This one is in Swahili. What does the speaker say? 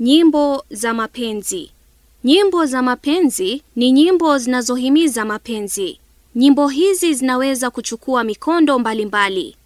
Nyimbo za mapenzi. Nyimbo za mapenzi ni nyimbo zinazohimiza mapenzi. Nyimbo hizi zinaweza kuchukua mikondo mbalimbali.